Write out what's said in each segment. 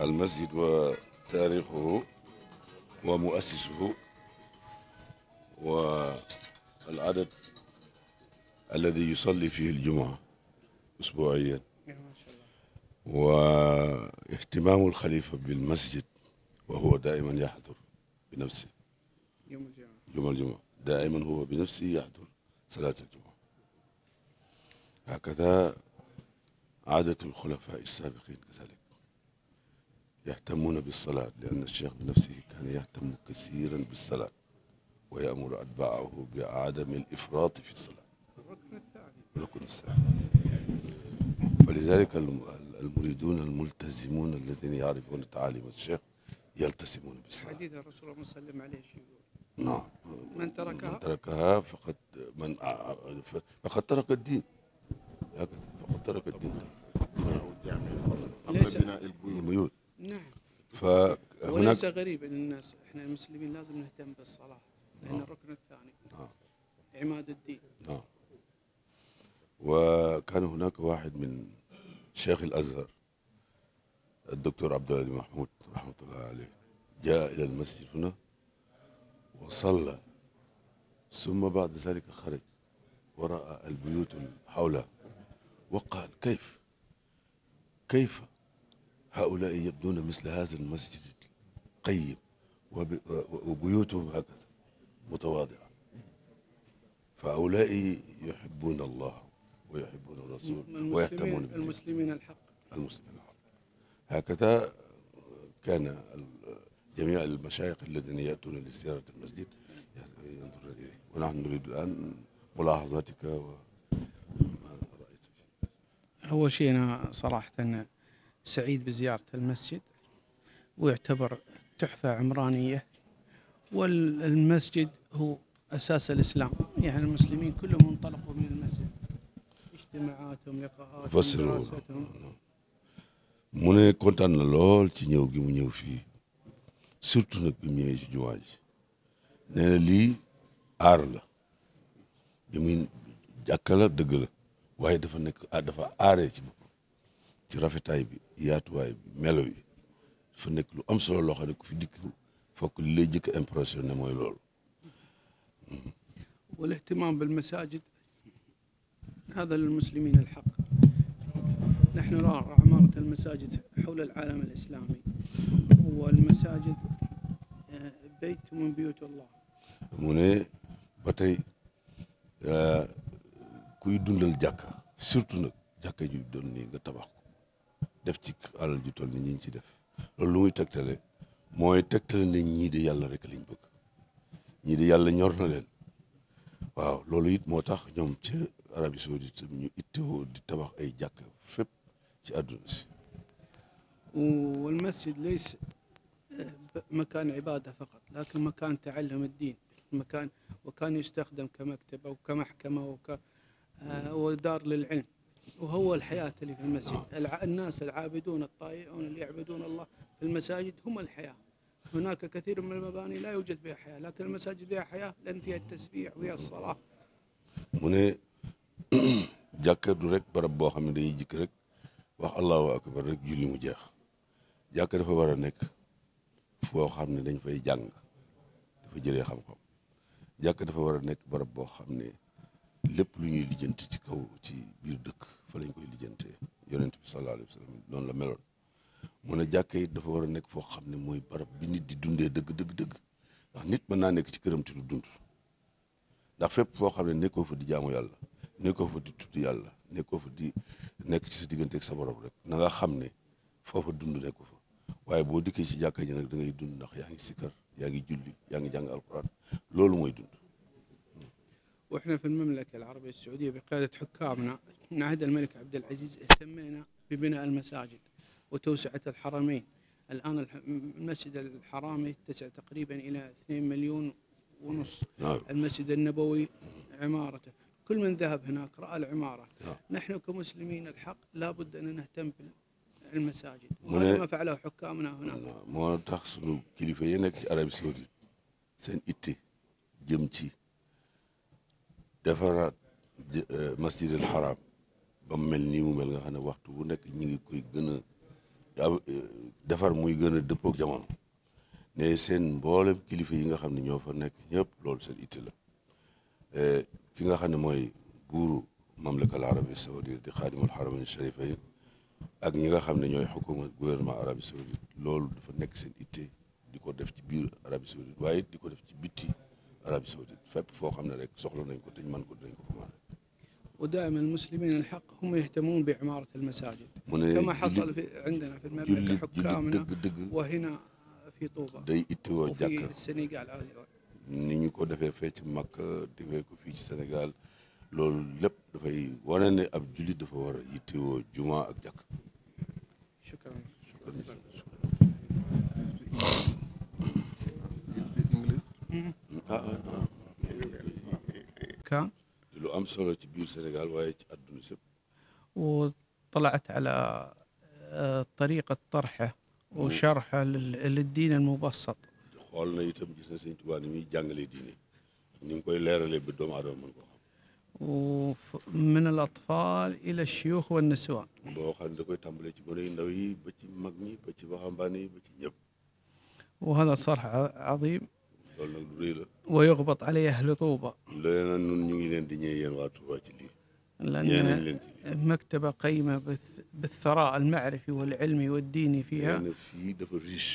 المسجد وتاريخه ومؤسسه والعدد الذي يصلي فيه الجمعة أسبوعيا واهتمام الخليفة بالمسجد وهو دائما يحضر بنفسه يوم الجمعة يوم الجمعة دائما هو بنفسه يحضر صلاة الجمعة هكذا عادة الخلفاء السابقين كذلك يهتمون بالصلاة لأن الشيخ بنفسه كان يهتم كثيرا بالصلاة ويأمر أتباعه بعدم الإفراط في الصلاة الركن الثاني فلذلك المريدون الملتزمون الذين يعرفون تعاليم الشيخ يلتزمون بالصلاة حديث الرسول الله صلى الله عليه وسلم نعم من تركها من تركها فقد من فقد ترك الدين هكذا فقد ترك الدين نعم ليس بناء البيوت فهناك وليس غريب ان الناس احنا المسلمين لازم نهتم بالصلاه لان الركن الثاني آه. عماد الدين آه. وكان هناك واحد من شيخ الازهر الدكتور عبد الله محمود رحمه الله عليه جاء الى المسجد هنا وصلى ثم بعد ذلك خرج وراى البيوت حوله وقال كيف كيف هؤلاء يبنون مثل هذا المسجد القيم وبيوتهم هكذا متواضعة فهؤلاء يحبون الله ويحبون الرسول ويهتمون المسلمين الحق المسلمين الحق هكذا كان جميع المشايخ الذين يأتون لزيارة المسجد ينظرون إليه ونحن نريد الآن ملاحظاتك و أول شيء أنا صراحة سعيد بزيارة المسجد ويعتبر تحفة عمرانية والمسجد هو أساس الإسلام يعني المسلمين كلهم انطلقوا من المسجد اجتماعاتهم لقاءاتهم فسروا mu ne kontaan na lool ci ñëw gi mu ñëw fii surtout nag bi mu ñëwee ci jumaa ji nee na lii aar la bi muy jàkka la dëgg la waaye dafa nekk dafa aaree ci bopp ci rafetaay bi yaatuwaay bi melo yi dafa nekk lu am solo loo ku fi dikk fokk li lay jëkk impressionné mooy loolu mm-hmm. wal ihtimam bil al haqq نحن نرى عمارة المساجد حول العالم الإسلامي والمساجد بيت mu ne ba tey eh, kuy dundal jàkka surtout nag jàkka ju doon nii nga tabax def ci alal ju tol ni ñi ñu ci def loolu lu muy tegtale mooy tegtale ne ñii de yàlla rek lañ bëgg ñii de yàlla ñor na leen waaw loolu it moo tax ñoom ci Arabie Saoudite ñu ittoo di tabax ay jàkk fépp ci àdduna si wal masjid laysa eh, makaan ibaada faqat lakin makaan taalum ad-din makaan wa kaan yustaxdam ka maktaba eh, wa ka maxkama wa daar lil ilm وهو الحياة اللي في المسجد الناس العابدون الطائعون اللي يعبدون الله في المساجد هم الحياة هناك كثير من المباني لا يوجد فيها حياة لكن المساجد فيها حياة لأن فيها التسبيح وفيها الصلاة mu ne jàkka du rek barab boo xam ne dañuy jikk rek wax allahu akbar rek julli mu jeex jàkka dafa war a nekk foo xam ne dañ fay jàng dafa jëlee xam-xam jàkka dafa war a nekk barab boo xam ne lépp lu ñuy lijjanti ci kaw ci biir dëkk fa koy lijjantee yonent bi sallallahu alayhi wa sallam noonu la meloon mu na jàkka it dafa war nekk foo xam ne mooy barab bi nit di dundee dëgg dëgg dëgg ndax nit mën naa nekk ci këram ti du ndax fépp foo xam ne nekkoo fa di jaamu yàlla nekkoo fa di tudd yàlla nekkoo fa di nekk ci sa diggante ak sa borom rek na nga xam ne foofa dund nekko fa waaye boo dikkee ci jàkka ji nag da ngay dund ndax yaa ngi sikkar yaa ngi julli yaa ngi jàng alquran loolu mooy dund وإحنا في المملكة العربية السعودية بقيادة حكامنا من عهد الملك عبد العزيز اهتمينا ببناء المساجد وتوسعة الحرمين الآن المسجد الحرامي اتسع تقريبا إلى 2 مليون ونص نعم. المسجد النبوي عمارته كل من ذهب هناك رأى العمارة نعم. نحن كمسلمين الحق لابد أن نهتم بالمساجد وهذا ما فعله حكامنا هناك moo tax sunu kilifa yi nekk ci Arabie Saoudite seen itte jëm ci defaraat euh, masjidil haram ba mu mel nii mu mel nga xam ne waxtu bu nekk ñi ngi koy gën a euh, defar muy gën a dëppook jamono ne seen mboolem kilifa yi nga xam ne ñoo fa nekk ñëpp loolu seen itte la euh, ki nga xam ne mooy buuru mamlakal arabi saoudite di xaadimul haramayn sharifayn ak ñi nga xam ne ñooy xukuma gouvernement arabi saoudite loolu dafa nekk seen itte di ko def ci biir arabi saoudite waaye di ko def ci bitti Arabie Saoudite fépp foo xam ne rek soxla nañ ko te ñu mën ko dañ ko commandé wa daa'iman al-muslimiina al-haqq hum yahtamuun bi imaarati al-masaajid mu ne kama xasala fi indana fi al-mamlaka hukkaamuna wa hina fi Tuuba day ittoo jàkka Sénégal ni ñu ko defee fee ci Makka defee ko fii ci Sénégal loolu lépp dafay wane ne ab jullit dafa war a yittewoo juma ak jàkk shukran shukran Ah, ah, ah. كان له أم solo ci biir Sénégal waaye ci àdduna sépp وطلعت على طريقة طرحه وشرحه للدين المبسط xool na itam gis na Sëñ Tuubaa ni muy jàngalee diine ni mu koy leeralee ba doomu aadama mën koo xam ومن الأطفال إلى الشيوخ والنسوان boo xam ne da koy tàmbalee ci gone yu ndaw yi ba ci mag ñi ba ci waxambaane yi ba ci ñëpp وهذا صرح عظيم loolu nag lu rëy la wa yuxbat alayhi ahlu Tuuba leen na nun ñu ngi leen di ñëw yéen waa Tuuba ci lii ñeen nañ leen ci lii maktaba qayma bithara almaarifi walilmi waddiini fiiha fii dafa riche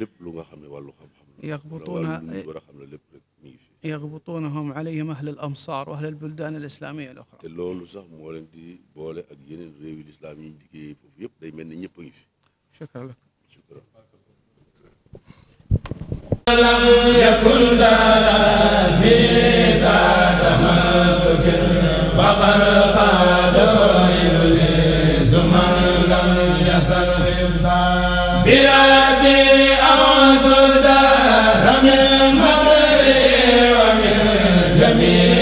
lépp lu nga xam ne wàllu xam-xam yaxbutuuna war a xam ne lépp rek mi ngi fi yaxbutuunahum alayhim ahlu al-amsaar wa ahlu al-buldaan al-islaamiyya al-uxraa te loolu sax moo leen di boole ak yeneen réewi lislaam yi ñu liggéey foofu yëpp day mel ne ñëpp a ngi fi shukran amiin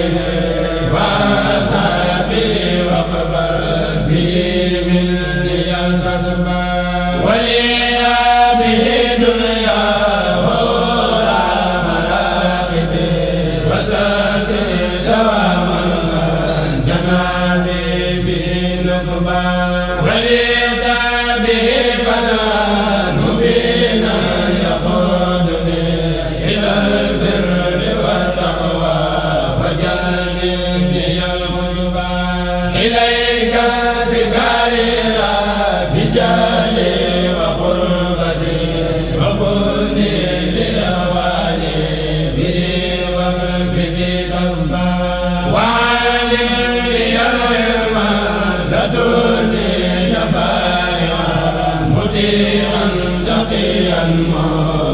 Amen. رفيعا لقيا ما